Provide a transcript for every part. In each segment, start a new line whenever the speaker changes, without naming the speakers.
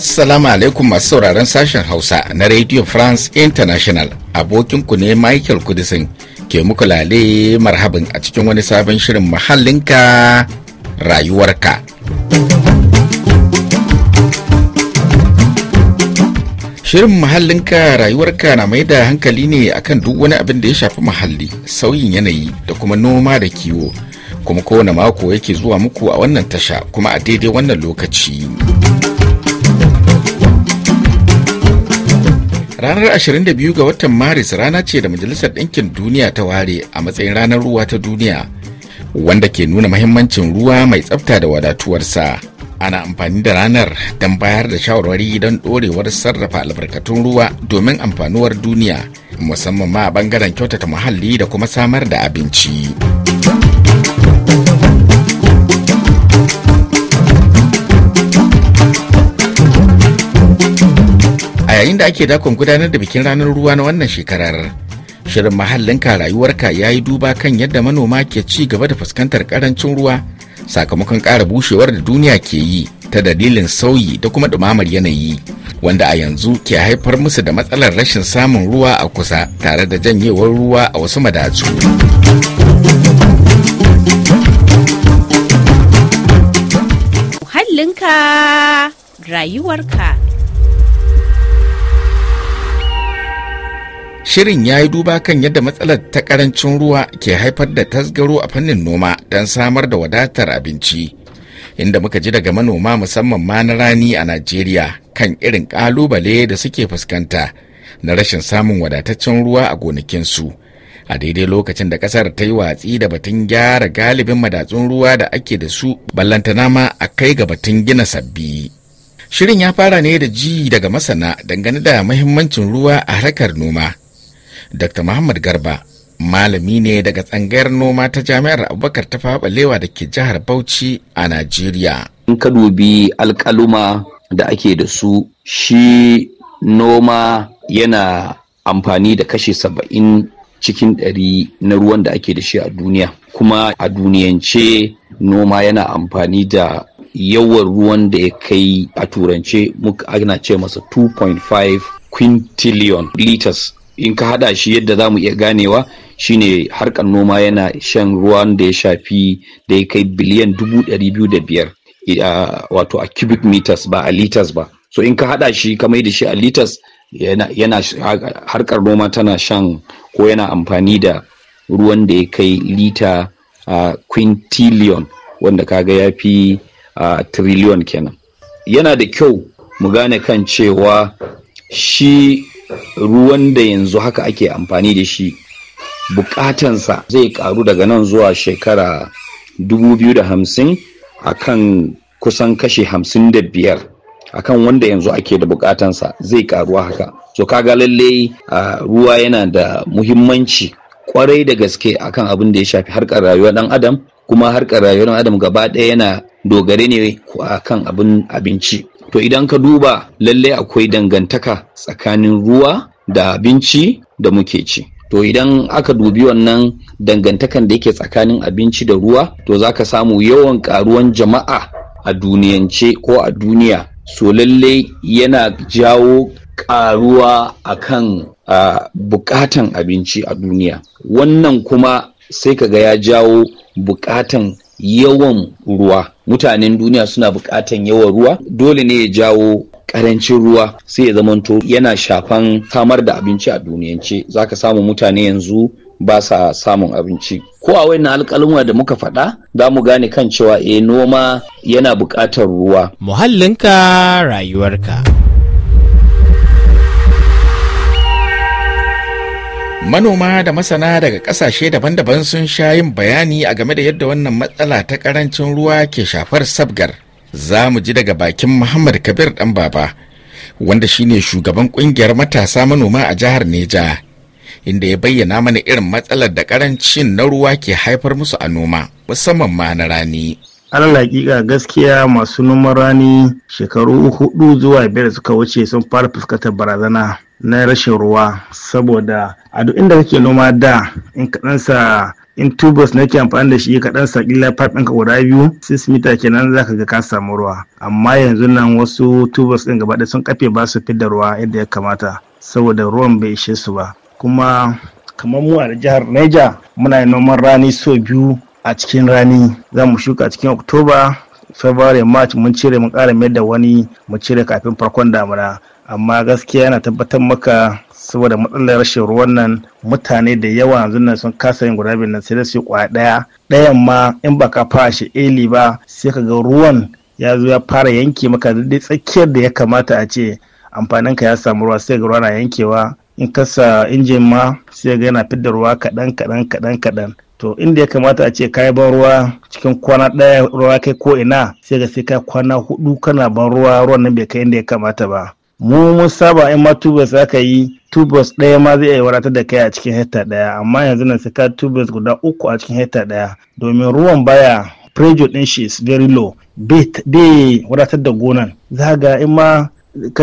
Assalamu alaikum masu sauraron sashen Hausa na Radio France International. Abokinku ne Michael Kudisin ke muku lale marhabin a cikin wani sabon shirin mahallinka rayuwarka. Shirin mahallinka rayuwarka na mai da hankali ne akan duk wani abin da ya shafi muhalli, sauyin yanayi da kuma noma da kiwo. Kuma kowane mako yake zuwa muku a wannan tasha kuma a daidai wannan lokaci. Ranar 22 ga watan Maris rana ce da Majalisar Ɗinkin Duniya ta ware a matsayin ranar ruwa ta duniya, wanda ke nuna mahimmancin ruwa mai tsafta da wadatuwarsa. Ana amfani da ranar don bayar da shawarwari don ɗorewar sarrafa albarkatun ruwa domin amfanuwar duniya, musamman ma a bangaren kyautata muhalli da kuma samar da abinci. yayin da ake dakon gudanar da bikin ranar ruwa na wannan shekarar shirin mahallinka rayuwarka ya yi duba kan yadda manoma ke ci gaba da fuskantar karancin ruwa sakamakon ƙara bushewar da duniya ke yi ta dalilin sauyi da kuma ɗumamar yanayi wanda a yanzu ke haifar musu da matsalar rashin samun ruwa a kusa tare da janyewar ruwa a wasu madatsu.
rayuwar rayuwarka
Shirin ya yi duba kan yadda matsalar ta karancin ruwa ke haifar da tasgaro a fannin noma don samar da wadatar abinci. Inda muka ji daga manoma musamman ma na rani a Najeriya kan irin ƙalubale da suke fuskanta na rashin samun wadataccen ruwa a gonakinsu. A daidai lokacin da ƙasar ta yi watsi da batun gyara galibin madatsun ruwa da ake da su ballantana nama a kai ga batun gina sabbi. Shirin ya fara ne da ji daga masana dangane da mahimmancin ruwa a harkar noma. dr muhammad garba malami ne daga tsangayar noma ta jami'ar abubakar ta faɓalewa da ke jihar bauchi a najeriya
in ka dubi alkaluma da ake da su shi noma yana amfani da kashe saba'in cikin ɗari na ruwan da ake da shi a duniya kuma a duniyance noma yana amfani da yawan ruwan da ya kai a turance muka ana ce masa 2.5 quintillion liters in ka hada shi yadda za mu iya ganewa shine harkar noma yana shan ruwan da ya shafi da ya kai biliyan dubu ɗari biyu da biyar wato a cubic meters ba a liters ba so in ka hada shi ka mai da shi a liters yana, harkar noma tana shan ko yana amfani da ruwan da ya kai lita a quintillion wanda kaga ya fi a trillion kenan yana da kyau mu gane kan cewa shi ruwan da yanzu haka ake amfani da shi bukatansa zai karu daga nan zuwa shekara 2050 kan kusan kashe 55 akan wanda yanzu ake da bukatansa zai karuwa haka so kaga lalle ruwa yana da muhimmanci kwarai da gaske akan abin da ya shafi harkar rayuwar dan adam kuma harkar rayuwar adam gaba ɗaya yana dogare ne akan abin abinci to idan ka duba lallai akwai dangantaka tsakanin ruwa da abinci da muke ci to idan aka dubi wannan dangantakan da yake tsakanin abinci da ruwa to za ka samu yawan karuwan jama'a a duniyance ko a duniya so lallai yana jawo ƙaruwa a kan bukatan abinci a duniya wannan kuma sai ka ga ya jawo buƙatan. yawan ruwa mutanen duniya suna buƙatan yawan ruwa dole ne ya jawo karancin ruwa sai ya zamanto yana shafan samar da abinci a duniyance za ka samu mutane yanzu ba sa samun abinci ko a wayannan alƙaluma da muka faɗa za mu gane kan cewa e noma yana buƙatar ruwa
muhallinka rayuwarka Manoma da masana daga kasashe daban-daban sun sha yin bayani a game da yadda wannan matsala ta karancin ruwa ke shafar sabgar. Za mu ji daga bakin Muhammad Kabir ɗan baba, wanda shine shugaban ƙungiyar matasa manoma a jihar Neja, inda ya bayyana mana irin matsalar da karancin na ruwa ke haifar musu a noma, musamman ma na rani.
alal hakika gaskiya masu noman rani shekaru hudu zuwa biyar suka wuce sun fara fuskantar barazana na rashin ruwa saboda a duk inda kake noma da in kaɗan sa in tubers na ke amfani da shi kaɗan sa ƙila pipe ɗinka guda biyu 6 mita kenan za ka ga ka samu ruwa amma yanzu nan wasu tubers ɗin gaba sun kafe ba su da ruwa yadda ya kamata saboda ruwan bai ishe su ba kuma kamar mu a jihar Niger muna noman rani so biyu a cikin rani za mu shuka a cikin Oktoba February March mun cire mun ƙara mai da wani mu cire kafin farkon damuna amma gaskiya yana tabbatar maka saboda matsalar rashin ruwan nan mutane da yawa yanzu nan sun kasa yin guda nan sai da su kwa ɗaya. ɗayan ma in ba ka fara shi eli ba sai ka ga ruwan ya zo ya fara yanke maka da tsakiyar da ya kamata a ce amfanin ka ya samu ruwa sai ga ruwa na yankewa in kasa injin ma sai ga yana fidda ruwa kaɗan kaɗan kaɗan kaɗan to inda ya kamata a ce yi ban ruwa cikin kwana ɗaya ruwa kai ko ina sai ga sai ka kwana hudu kana ban ruwa ruwan nan bai kai inda ya kamata ba mu mun saba in ma tubers aka yi tubers ɗaya ma zai iya wadatar da kai a cikin hekta ɗaya amma yanzu na saka ka tubers guda uku a cikin hekta ɗaya domin ruwan baya pressure din shi is very low bai wadatar da gonan za ga in ma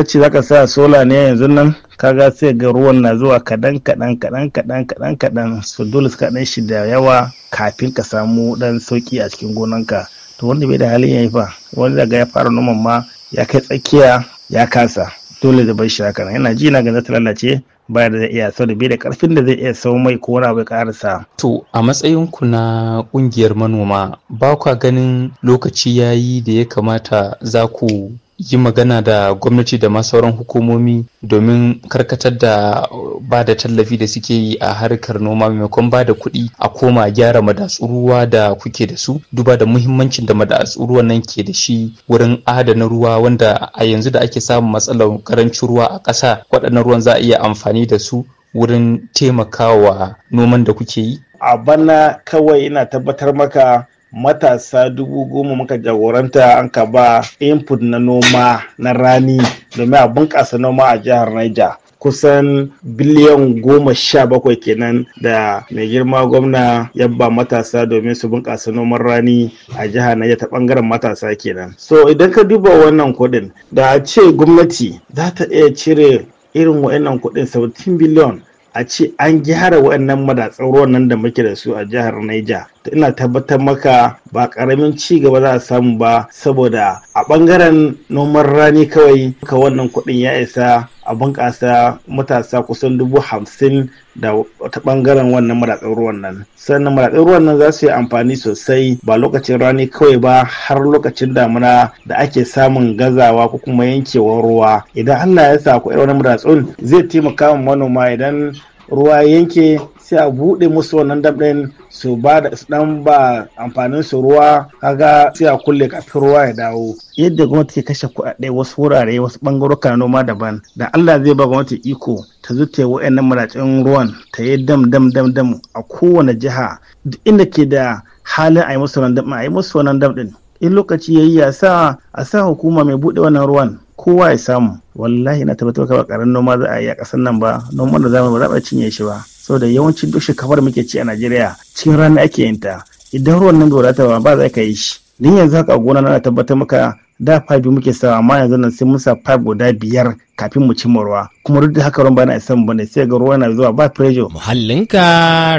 za ka sa sola ne yanzu nan ka ga sai ga ruwan na zuwa kaɗan kaɗan kaɗan kaɗan kadan kadan su dole suka dan shi da yawa kafin ka samu dan sauki a cikin gonanka to wanda bai da halin yayi fa wanda daga ya fara noman ma ya kai tsakiya ya kasa dole da bar shi haka yana ji na ganin ta lalace baya da zai iya sau da bai da karfin da zai iya sau mai ko wani abu karasa.
To a matsayin ku na kungiyar manoma ba kwa ganin lokaci yayi da ya kamata za ku yi magana da gwamnati da ma sauran hukumomi domin karkatar da uh, ba da tallafi da suke yi a harkar noma maimakon ba da kuɗi a koma gyara madatsu ruwa da kuke da su duba da muhimmancin da madatsu ruwa nan ke da shi wurin adana ruwa wanda a yanzu da ake samun matsalar karancin ruwa a ƙasa waɗannan ruwan za a iya amfani da su wurin taimakawa noman da kuke yi
a bana kawai ina tabbatar maka matasa dubu goma muka jagoranta an ka ba input na noma na rani domin a bunƙasa noma a jihar Niger. kusan biliyan goma sha bakwai kenan da mai girma gwamna ya ba matasa domin su bunƙasa noman rani a jihar naija ta ɓangaren matasa kenan so idan ka duba wannan kuɗin da a ce gwamnati za ta iya cire irin wa'annan kuɗin 17 biliyon a ce an gyara wa'annan madatsan ruwan nan da muke da su a jihar Niger ina tabbatar maka ba karamin ci gaba za a samu ba saboda a bangaren noman rani kawai ka wannan kuɗin ya isa a bunƙasa matasa kusan dubu hamsin da ta bangaren wannan maratsar ruwan nan sannan maratsar ruwan nan za su yi amfani sosai ba lokacin rani kawai ba har lokacin damuna da ake samun gazawa ko kuma yankewar ruwa idan allah ya sa ku irin wani zai taimaka wa manoma idan ruwa yanke sai a buɗe musu wannan dam ɗin su ba da dan ba amfanin su ruwa kaga sai a kulle kafin ruwa ya dawo yadda gwamnati ke kashe kuɗaɗe wasu wurare wasu bangaruka noma daban da Allah zai ba gwamnati iko ta zute wa'annan maracin ruwan ta yi dam dam dam dam a kowane jiha duk inda ke da halin a yi musu wannan dam a yi musu wannan dam ɗin in lokaci ya yi ya sa a sa hukuma mai buɗe wannan ruwan kowa ya samu wallahi na tabbatar ka ba karan noma za a yi a ƙasar nan ba noman da zamu ba za a cinye shi ba saboda yawancin duk shekarar muke ci a Najeriya cikin rana ake yin ta idan ruwan nan bai wadata ba ba za ka yi shi ni yanzu haka gona na tabbatar maka da five muke sawa amma yanzu nan sai mun sa five guda biyar kafin mu cimma ruwa kuma duk da haka ruwan bana mu bane sai ga ruwa na zuwa ba pressure
muhallinka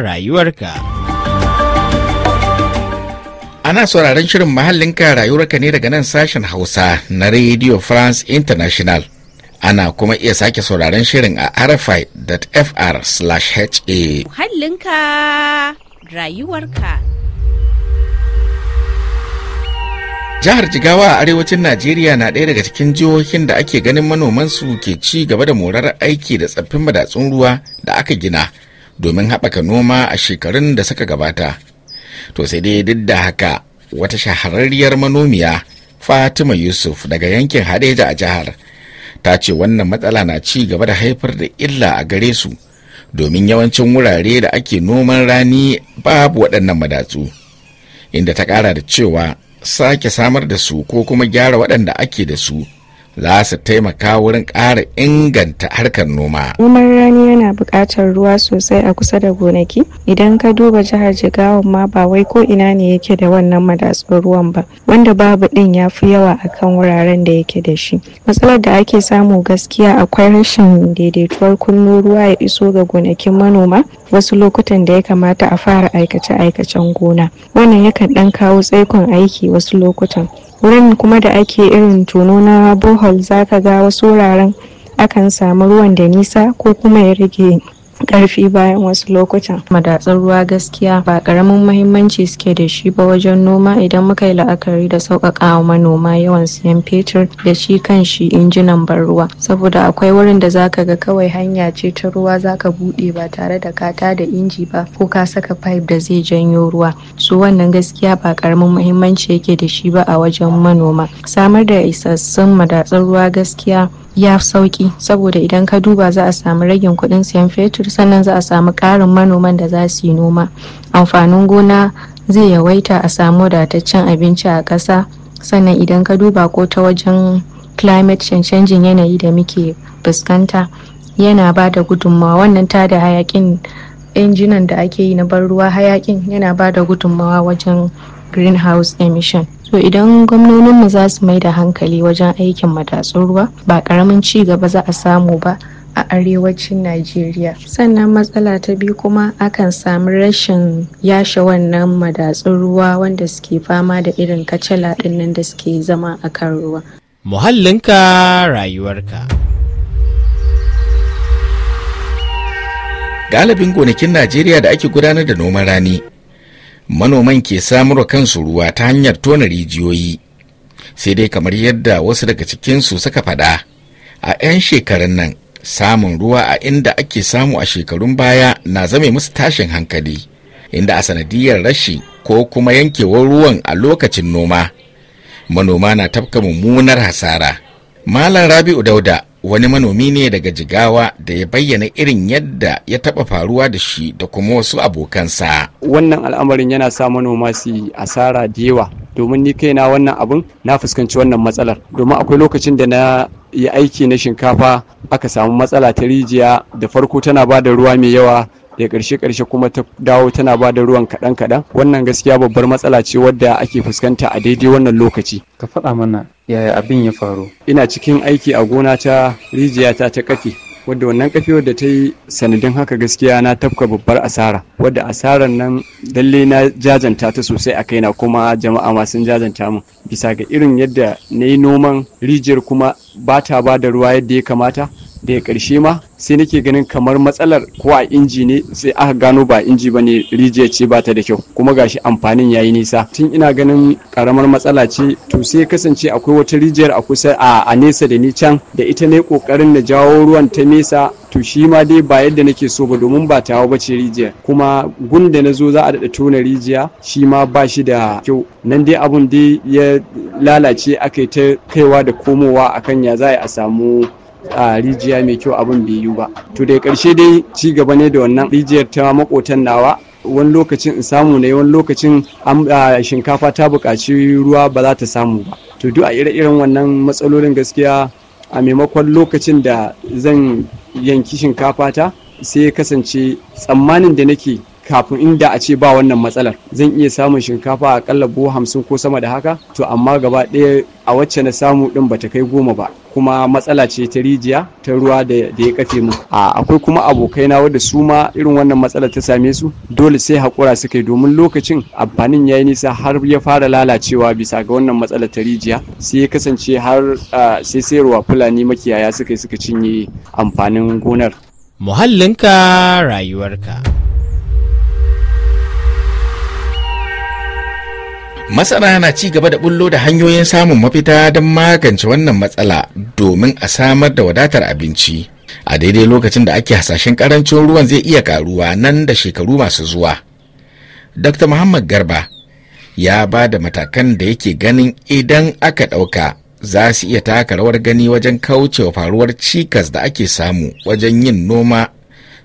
rayuwarka ana sauraron shirin muhallinka rayuwarka ne daga nan sashen hausa na radio france international ana kuma iya sake sauraron shirin a rfi.fr/ha.
Muhallinka rayuwarka.
Jihar Jigawa a arewacin Najeriya na ɗaya daga cikin jihohin da ake ganin manoman su ke ci gaba da morar aiki da tsaffin madatsun ruwa da aka gina domin haɓaka noma a shekarun da suka gabata. To sai dai duk da haka wata shahararriyar manomiya Fatima Yusuf daga yankin Hadeja a jihar. ta ce wannan matsala na ci gaba da haifar da illa a gare su domin yawancin wurare da ake noman rani babu waɗannan madatsu inda ta ƙara da cewa sake samar da su ko kuma gyara waɗanda ake da su za su taimaka wurin ƙara inganta harkar noma.
Noman rani yana buƙatar ruwa sosai a kusa da gonaki. Idan ka duba jihar Jigawa ma ba wai ko ina ne yake da wannan madatsun ruwan ba, wanda babu ɗin ya fi yawa a kan wuraren da yake da shi. Matsalar da ake samu gaskiya akwai rashin daidaituwar kunnu ruwa ya iso ga gonakin manoma wasu lokutan da ya kamata a fara aikace-aikacen gona. Wannan yakan ɗan kawo tsaikon aiki wasu lokutan. wurin kuma da ake irin tono na bohol zaka ga wasu wuraren akan samu ruwan da nisa ko kuma ya rage karfi bayan wasu lokutan. Madatsar ruwa gaskiya ba karamin mahimmanci suke da shi ba wajen noma idan muka yi la'akari da wa manoma yawan siyan fetur da shi kan shi injinan ban ruwa. Saboda akwai wurin da za ka ga kawai hanya ce ta ruwa zaka buɗe ba tare da kata da inji ba ko ka saka pipe da zai janyo ruwa. su wannan gaskiya ba karamin mahimmanci yake da shi ba a wajen manoma. Samar da isassun madatsar ruwa gaskiya ya sauki saboda idan ka duba za a samu ragin kuɗin siyan fetur sannan za a samu ƙarin manoman da za su yi noma amfanin gona zai yawaita a samu wadataccen abinci a ƙasa sannan idan ka duba ko ta wajen climate change canjin yanayi da muke fuskanta yana ba da gudunmawa wannan tada hayakin injinan da ake yi na ban ruwa hayakin yana ba da gudunmawa wajen greenhouse emission so idan gwamnoninmu za su mai da hankali wajen aikin matatsun ruwa ba karamin ci gaba za a samu ba a arewacin najeriya sannan matsala ta biyu kuma akan samu rashin yashe wannan madatsun ruwa wanda suke fama da irin kacala dinnan da suke zama a kan ruwa muhallinka
rayuwarka galibin gonakin najeriya da ake gudanar da noman rani manoman ke samarwa kansu ruwa ta hanyar tona rijiyoyi sai dai kamar yadda wasu daga cikinsu suka faɗa a 'yan shekarun nan samun ruwa a inda ake samu a shekarun baya na zame musu tashin hankali inda a sanadiyar rashi ko kuma yankewar ruwan a lokacin noma manoma na tafka mummunar hasara malam rabi'u dauda wani manomi ne daga jigawa da ya bayyana irin yadda ya taba faruwa da shi da kuma wasu abokansa
wannan al'amarin yana sa manoma su asara da yawa domin ni kaina wannan abun na fuskanci wannan matsalar domin akwai lokacin da na yi aiki na shinkafa aka samu matsala ta rijiya da farko tana ba da ruwa mai yawa da karshe-karshe kuma ta dawo tana ba da ruwan kaɗan kaɗan wannan gaskiya babbar matsala ce wadda ake fuskanta a daidai wannan lokaci ka faɗa mana yaya abin ya faru ina cikin aiki a gona ta rijiya ta ta kafe wadda wannan kafe da ta yi sanadin haka gaskiya na tafka babbar asara wadda asarar nan lalle na jajanta ta sosai a kaina kuma jama'a ma sun jajanta mu bisa ga irin yadda na yi noman rijiyar kuma ba ta ba da ruwa yadda ya kamata daga ƙarshe ma sai nake ganin kamar matsalar ko a inji ne sai aka gano ba inji ba ne rijiya ce ba ta da kyau kuma gashi amfanin yayi nisa tun ina ganin karamar matsala ce to sai kasance akwai wata rijiyar a kusa a nesa da ni can da ita ne kokarin na jawo ruwan ta nesa to shi ma dai ba yadda nake so ba domin ba tawo ba ce rijiyar kuma gun da na zo za a daɗa tona rijiya shi ma ba shi da kyau nan dai abun dai ya lalace aka ta kaiwa da komowa akan ya za a samu a rijiya mai kyau abin bai yiwu ba to da karshe dai ci gaba ne da wannan rijiyar ta makotan nawa wani lokacin in samu ne wani lokacin shinkafa ta buƙaci ruwa ba za ta samu ba to duk a ire-iren wannan matsalolin gaskiya a maimakon lokacin da zan yanki shinkafa ta sai ya kasance tsammanin da nake kafin inda a ce ba wannan matsalar zan iya samun shinkafa a ƙalla buhu hamsin ko sama da haka to amma gaba ɗaya a wacce na samu ɗin bata kai goma ba kuma matsala ce ta rijiya ta ruwa da ya kafe mu akwai kuma abokaina wadda su ma irin wannan matsala ta same su dole sai haƙura suka yi domin lokacin amfanin ya yi nisa har ya fara lalacewa bisa ga wannan matsala ta rijiya sai ya kasance har sai sayarwa fulani makiyaya suka yi suka cinye amfanin gonar muhallinka rayuwarka
masana na ci gaba da bullo da hanyoyin samun mafita don magance wannan matsala domin a samar da wadatar abinci a daidai lokacin da ake hasashen karancin ruwan zai iya karuwa nan da shekaru masu zuwa dr muhammad garba ya ba da matakan da yake ganin idan aka ɗauka za su iya taka rawar gani wajen kaucewa faruwar cikas da ake samu wajen yin noma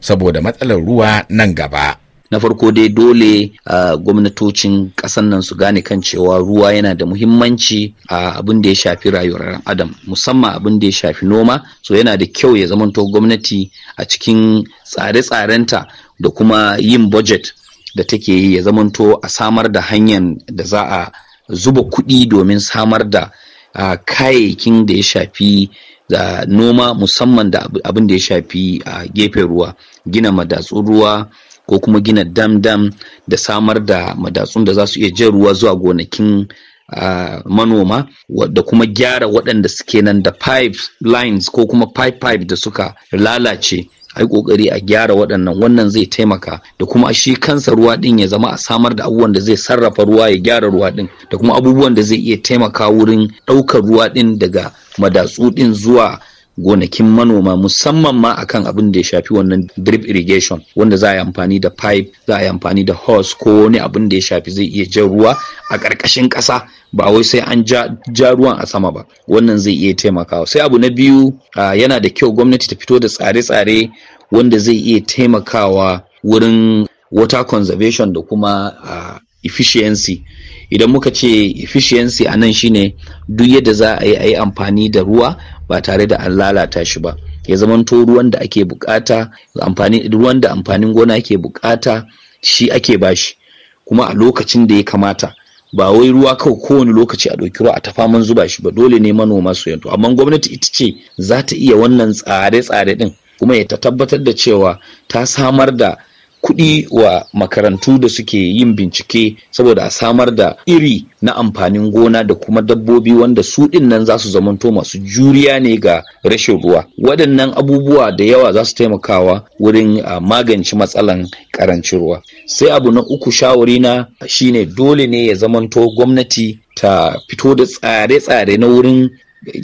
saboda matsalar ruwa nan gaba. na farko
dai dole a gwamnatocin
ƙasar nan su gane kan
cewa ruwa yana da muhimmanci a abin da ya shafi rayuwar adam musamman abin da ya shafi noma so yana da kyau ya zamanto gwamnati a cikin tsare-tsarenta da kuma yin budget da take yi ya zamanto a samar da hanyar da za a zuba kuɗi domin samar da kayayyakin da ya shafi da noma musamman da abin da ya shafi a gefen ruwa gina madatsun ruwa ko kuma gina dam-dam da samar da madatsun da za su iya jan ruwa zuwa gonakin manoma da kuma gyara waɗanda suke nan da lines ko kuma pipe pipe da suka lalace a yi kokari a gyara waɗannan wannan zai taimaka da kuma shi kansa ruwa ɗin ya zama a samar da abubuwan da zai sarrafa ruwa ya gyara ruwa ɗin da kuma abubuwan da zai iya taimaka wurin ɗaukar ruwa ɗin daga madatsu ɗin zuwa gonakin manoma musamman ma akan abin da ya shafi wannan drip irrigation wanda za a yi amfani da pipe za a yi amfani da hose ko wani abin da ya shafi zai iya jan ruwa a ƙarƙashin ƙasa ba wai sai an ja ruwan a sama ba wannan zai iya taimakawa sai abu na biyu yana da kyau gwamnati ta fito da tsare-tsare wanda zai iya taimakawa wurin water conservation da kuma efficiency idan muka ce efficiency a nan shine duk yadda za a yi a yi amfani da ruwa ba tare da an lalata shi ba ya zamanto ruwan da ake bukata ruwan da amfanin gona ake bukata shi ake bashi kuma a lokacin da ya kamata ba wai ruwa kawai kowane lokaci a ɗauki ruwa a tafaman zuba shi ba dole ne manoma su yanto amma gwamnati ita ce za ta iya wannan tsare-tsare ɗin kuma ya ta tabbatar da cewa ta samar da kuɗi wa makarantu da suke yin bincike saboda a samar da iri na amfanin gona da kuma dabbobi wanda su ɗin nan za su zamanto masu juriya ne ga rashin ruwa waɗannan abubuwa da yawa za su taimakawa wurin magance matsalan ƙarancin ruwa sai abu na uku shawari na shine dole ne ya zamanto gwamnati ta fito da tsare-tsare na wurin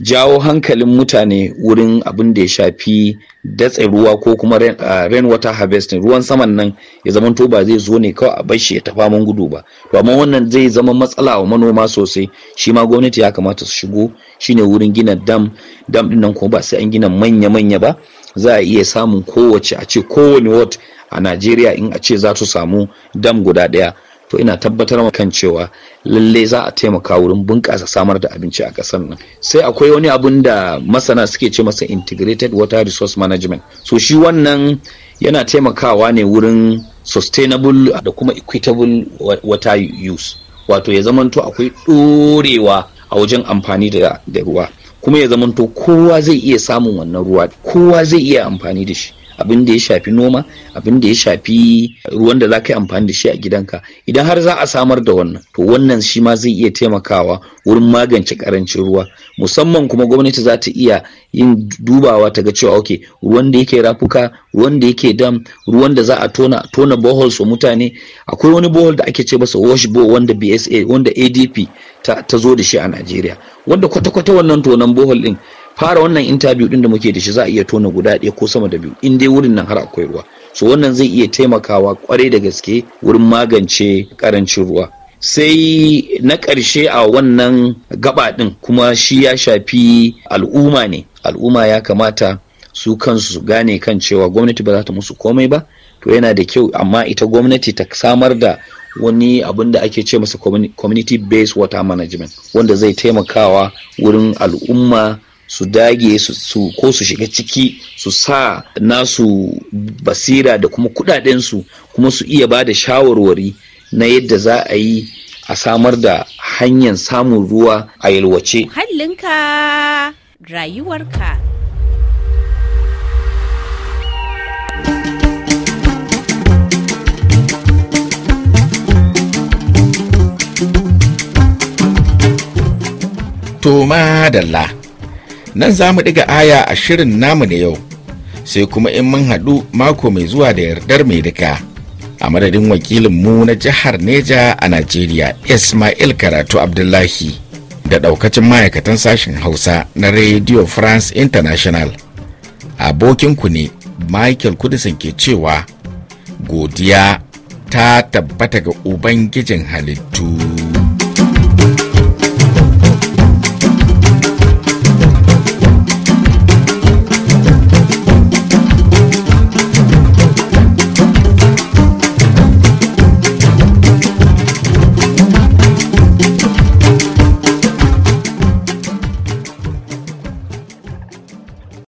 jawo hankalin mutane wurin abin da ya shafi datse ruwa ko kuma rain water harvesting ruwan saman nan ya zama to ba zai zo ne kawai a bar ya tafa man gudu ba to amma wannan zai zama matsala wa manoma sosai shi ma gwamnati ya kamata su shigo shine wurin gina dam dam din nan kuma ba sai an gina manya manya ba za a iya samun kowace a ce kowane wat a Najeriya in a ce za su samu dam guda ɗaya to ina tabbatar ma kan cewa lalle za a taimaka wurin bunƙasa samar da abinci a ƙasar nan sai akwai wani abun da masana suke ce masa integrated water resource management so shi wannan yana taimakawa ne wurin sustainable da kuma equitable water use wato ya zamanto akwai ɗorewa a wajen amfani da ruwa kuma ya zamanto kowa zai iya samun wannan ruwa kowa zai iya amfani da shi abin da ya shafi noma abin da ya shafi ruwan da za ka yi amfani da shi a gidanka idan har za a samar da wannan to wannan shi ma zai iya taimakawa wurin magance karancin ruwa musamman kuma gwamnati za ta iya yin dubawa ta ga cewa ok ruwan da yake rafuka ruwan da yake dam ruwan da za a tona tona boholes su mutane akwai wani bohol da ake ce masa wash bo wanda bsa wanda adp ta, ta zo da shi a najeriya wanda kwata-kwata wannan tonan bohol din fara wannan interview din da muke da shi za a iya tona guda ɗaya ko sama da biyu in dai wurin nan har akwai ruwa so wannan zai iya taimakawa kwarai da gaske wurin magance karancin ruwa sai na ƙarshe a wannan gaba ɗin kuma shi ya shafi al'umma ne al'umma ya kamata su kansu su gane kan cewa gwamnati ba za ta musu komai ba to yana da kyau amma ita gwamnati ta samar da wani abin da ake ce masa community based water management wanda zai taimakawa wurin al'umma su dage su ko su shiga ciki su sa nasu basira da kuma kudadensu kuma su iya ba da shawarwari na yadda za a yi a samar da hanyar samun ruwa a yalwace.
Hallinka rayuwarka.
To madalla. nan za mu ɗiga aya a shirin namu da yau sai kuma in mun haɗu mako mai zuwa da yardar mai duka a madadin wakilinmu na jihar neja a najeriya ismail karatu abdullahi da ɗaukacin ma'aikatan sashen hausa na radio france international abokinku ne michael kudisin ke cewa godiya ta tabbata ga ubangijin halittu